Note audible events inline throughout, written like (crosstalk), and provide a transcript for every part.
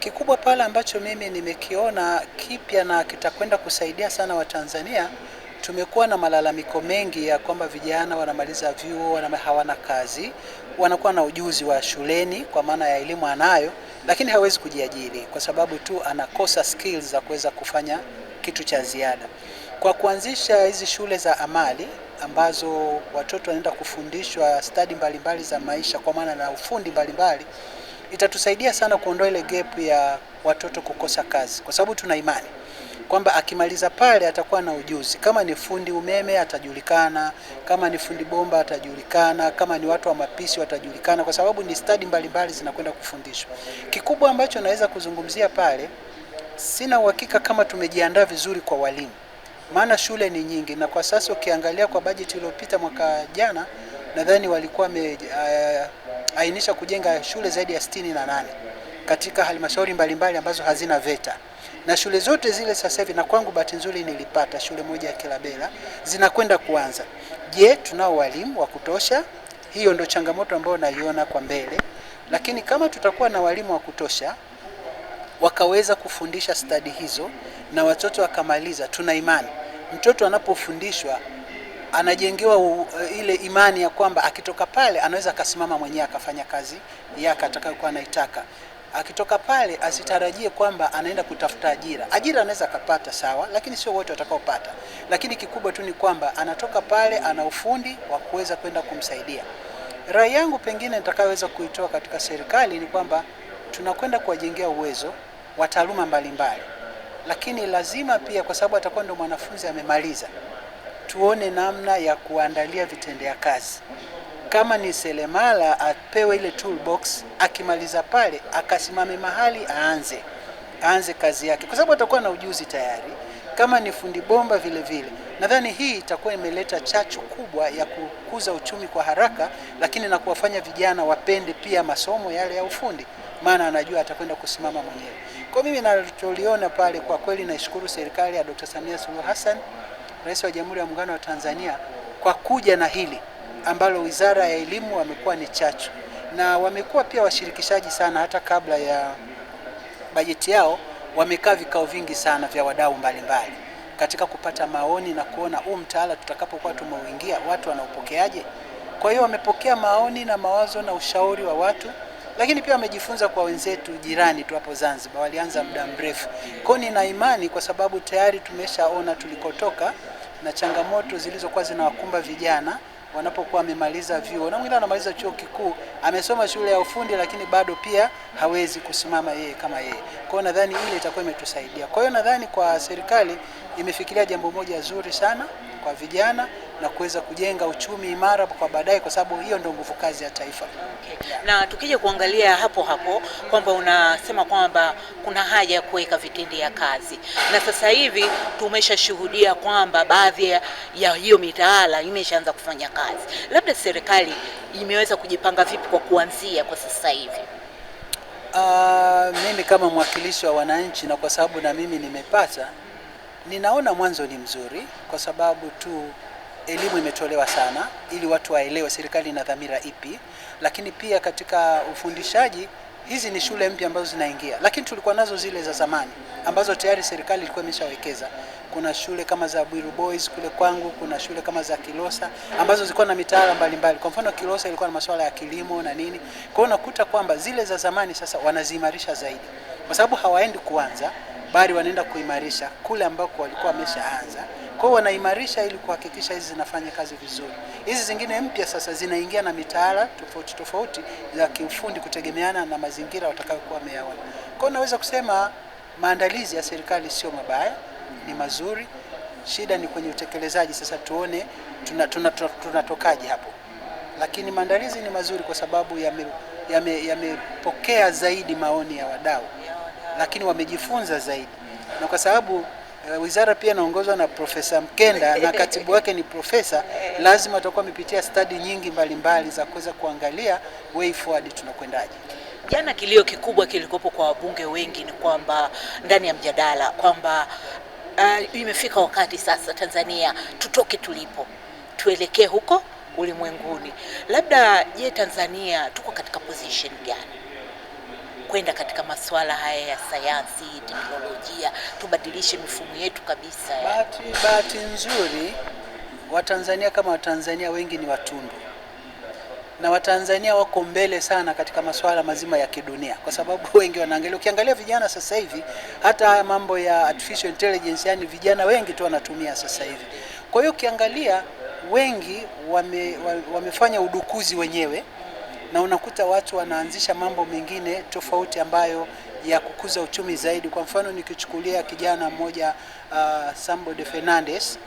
Kikubwa pale ambacho mimi nimekiona kipya na kitakwenda kusaidia sana Watanzania, tumekuwa na malalamiko mengi ya kwamba vijana wanamaliza vyuo hawana kazi, wanakuwa na ujuzi wa shuleni kwa maana ya elimu anayo, lakini hawezi kujiajiri kwa sababu tu anakosa skills za kuweza kufanya kitu cha ziada. Kwa kuanzisha hizi shule za amali ambazo watoto wanaenda kufundishwa stadi mbalimbali za maisha kwa maana na ufundi mbalimbali mbali, itatusaidia sana kuondoa ile gap ya watoto kukosa kazi, kwa sababu tuna imani kwamba akimaliza pale atakuwa na ujuzi. Kama ni fundi umeme atajulikana, kama ni fundi bomba atajulikana, kama ni watu wa mapishi watajulikana, kwa sababu ni stadi mbalimbali zinakwenda kufundishwa. Kikubwa ambacho naweza kuzungumzia pale, sina uhakika kama tumejiandaa vizuri kwa walimu, maana shule ni nyingi, na kwa sasa ukiangalia kwa bajeti iliyopita mwaka jana, nadhani walikuwa me, uh, ainisha kujenga shule zaidi ya sitini na nane katika halmashauri mbalimbali ambazo hazina VETA na shule zote zile sasa hivi, na kwangu bahati nzuri nilipata shule moja ya Kilabela zinakwenda kuanza. Je, tunao walimu wa kutosha? Hiyo ndo changamoto ambayo naiona kwa mbele, lakini kama tutakuwa na walimu wa kutosha wakaweza kufundisha stadi hizo na watoto wakamaliza, tuna imani mtoto anapofundishwa anajengewa u, eh, ile imani ya kwamba akitoka pale anaweza akasimama mwenyewe akafanya kazi yake atakayokuwa anaitaka. Akitoka pale asitarajie kwamba anaenda kutafuta ajira. Ajira anaweza akapata sawa, lakini sio wote watakaopata. Lakini kikubwa tu ni kwamba anatoka pale ana ufundi wa kuweza kwenda kumsaidia. Rai yangu pengine nitakayoweza kuitoa katika serikali ni kwamba tunakwenda kuwajengea uwezo wa taaluma mbalimbali, lakini lazima pia, kwa sababu atakuwa ndo mwanafunzi amemaliza tuone namna ya kuandalia vitendea kazi. Kama ni selemala apewe ile toolbox, akimaliza pale akasimame mahali aanze aanze kazi yake, kwa sababu atakuwa na ujuzi tayari. Kama ni fundi bomba vile vile, nadhani hii itakuwa imeleta chachu kubwa ya kukuza uchumi kwa haraka, lakini na kuwafanya vijana wapende pia masomo yale ya ufundi, maana anajua atakwenda kusimama mwenyewe. Kwa mimi nacholiona pale, kwa kweli naishukuru serikali ya Dr. Samia Suluhu Hassan Rais wa Jamhuri ya Muungano wa Tanzania kwa kuja na hili ambalo Wizara ya Elimu wamekuwa ni chachu na wamekuwa pia washirikishaji sana. Hata kabla ya bajeti yao wamekaa vikao vingi sana vya wadau mbalimbali katika kupata maoni na kuona huu mtaala tutakapokuwa tumeuingia watu wanaupokeaje. Kwa hiyo wamepokea maoni na mawazo na ushauri wa watu lakini pia wamejifunza kwa wenzetu jirani tu hapo Zanzibar, walianza muda mrefu. Kwa nina imani kwa sababu tayari tumeshaona tulikotoka na changamoto zilizokuwa zinawakumba vijana wanapokuwa wamemaliza vyuo, na mwingine anamaliza chuo kikuu, amesoma shule ya ufundi, lakini bado pia hawezi kusimama yeye kama yeye. Kwa hiyo nadhani ile itakuwa imetusaidia. Kwa hiyo nadhani kwa serikali imefikiria jambo moja zuri sana kwa vijana na kuweza kujenga uchumi imara kwa baadaye, kwa sababu hiyo ndio nguvu kazi ya taifa. Okay. Na tukija kuangalia hapo hapo kwamba unasema kwamba kuna haja ya kuweka vitendea kazi, na sasa hivi tumeshashuhudia kwamba baadhi ya hiyo mitaala imeshaanza kufanya kazi. Labda serikali imeweza kujipanga vipi kwa kuanzia kwa sasa hivi? Uh, mimi kama mwakilishi wa wananchi na kwa sababu na mimi nimepata Ninaona mwanzo ni mzuri kwa sababu tu elimu imetolewa sana ili watu waelewe serikali ina dhamira ipi, lakini pia katika ufundishaji hizi ni shule mpya ambazo zinaingia, lakini tulikuwa nazo zile za zamani ambazo tayari serikali ilikuwa imeshawekeza. Kuna shule kama za Bwiru Boys kule kwangu, kuna shule kama za Kilosa ambazo zilikuwa na mitaala mbalimbali. Kwa mfano, Kilosa ilikuwa na masuala ya kilimo na nini. Kwa hiyo unakuta kwamba zile za zamani sasa wanaziimarisha zaidi, kwa sababu hawaendi kuanza bali wanaenda kuimarisha kule ambako walikuwa wameshaanza. Kwa hiyo wanaimarisha ili kuhakikisha hizi zinafanya kazi vizuri. Hizi zingine mpya sasa zinaingia na mitaala tofauti tofauti za kiufundi kutegemeana na mazingira watakayokuwa wameyaona. Kwa hiyo naweza kusema maandalizi ya serikali sio mabaya, ni mazuri. Shida ni kwenye utekelezaji. Sasa tuone tunatokaje tuna, tuna, tuna hapo, lakini maandalizi ni mazuri kwa sababu yamepokea me, ya zaidi maoni ya wadau lakini wamejifunza zaidi, na kwa sababu Uh, wizara pia inaongozwa na Profesa Mkenda na (laughs) katibu wake ni profesa, lazima atakuwa amepitia stadi nyingi mbalimbali mbali za kuweza kuangalia way forward tunakwendaje. Jana kilio kikubwa kilikopo kwa wabunge wengi ni kwamba ndani ya mjadala kwamba uh, imefika wakati sasa Tanzania tutoke tulipo tuelekee huko ulimwenguni. Labda je, Tanzania tuko katika position gani? kwenda katika masuala haya ya sayansi, teknolojia, tubadilishe mifumo yetu kabisa. Bahati, bahati nzuri Watanzania kama Watanzania wengi ni watundu na Watanzania wako mbele sana katika masuala mazima ya kidunia, kwa sababu (laughs) wengi wanaangalia. Ukiangalia vijana sasa hivi, hata haya mambo ya artificial intelligence, yani vijana wengi tu wanatumia sasa hivi. Kwa hiyo ukiangalia wengi wame, wamefanya udukuzi wenyewe na unakuta watu wanaanzisha mambo mengine tofauti ambayo ya kukuza uchumi zaidi. Kwa mfano nikichukulia kijana mmoja uh, Sambo de Fernandes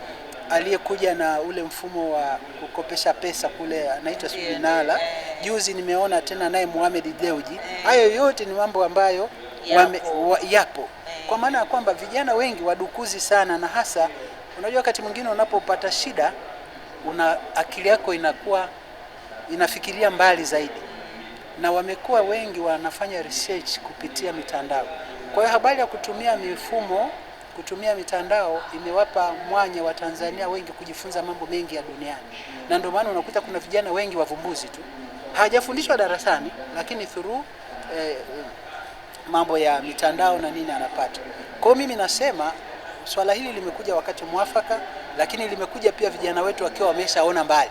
aliyekuja na ule mfumo wa kukopesha pesa kule anaitwa Subinala. Juzi nimeona tena naye Mohamed Deuji. Hayo yote ni mambo ambayo wame, wa, yapo kwa maana ya kwamba vijana wengi wadukuzi sana, na hasa unajua wakati mwingine unapopata shida una akili yako inakuwa inafikiria mbali zaidi, na wamekuwa wengi wanafanya research kupitia mitandao. Kwa hiyo habari ya kutumia mifumo, kutumia mitandao imewapa mwanya wa Tanzania wengi kujifunza mambo mengi ya duniani, na ndio maana unakuta kuna vijana wengi wavumbuzi tu, hajafundishwa darasani, lakini through eh, mambo ya mitandao na nini anapata. Kwa hiyo mimi nasema swala hili limekuja wakati mwafaka, lakini limekuja pia vijana wetu wakiwa wameshaona mbali.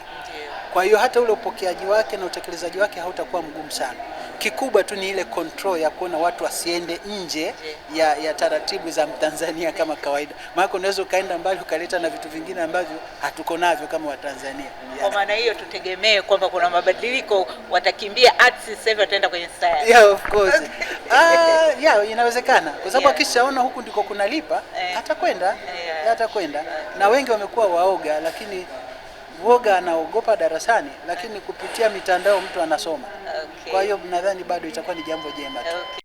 Kwa hiyo hata ule upokeaji wake na utekelezaji wake hautakuwa mgumu sana. Kikubwa tu ni ile control ya kuona watu wasiende nje ya, ya taratibu za Mtanzania kama kawaida, maana unaweza ukaenda mbali ukaleta na vitu vingine ambavyo hatuko navyo kama Watanzania. Kwa maana hiyo tutegemee kwamba kuna mabadiliko, watakimbia sasa wataenda kwenye science. Yeah, of course. (laughs) Ah, yeah, inawezekana kwa sababu akishaona yeah, huku ndiko kunalipa eh. atakwenda, eh. atakwenda yeah, yeah, na wengi wamekuwa waoga lakini woga anaogopa darasani, lakini kupitia mitandao mtu anasoma. Okay. Kwa hiyo nadhani bado itakuwa ni jambo jema Okay.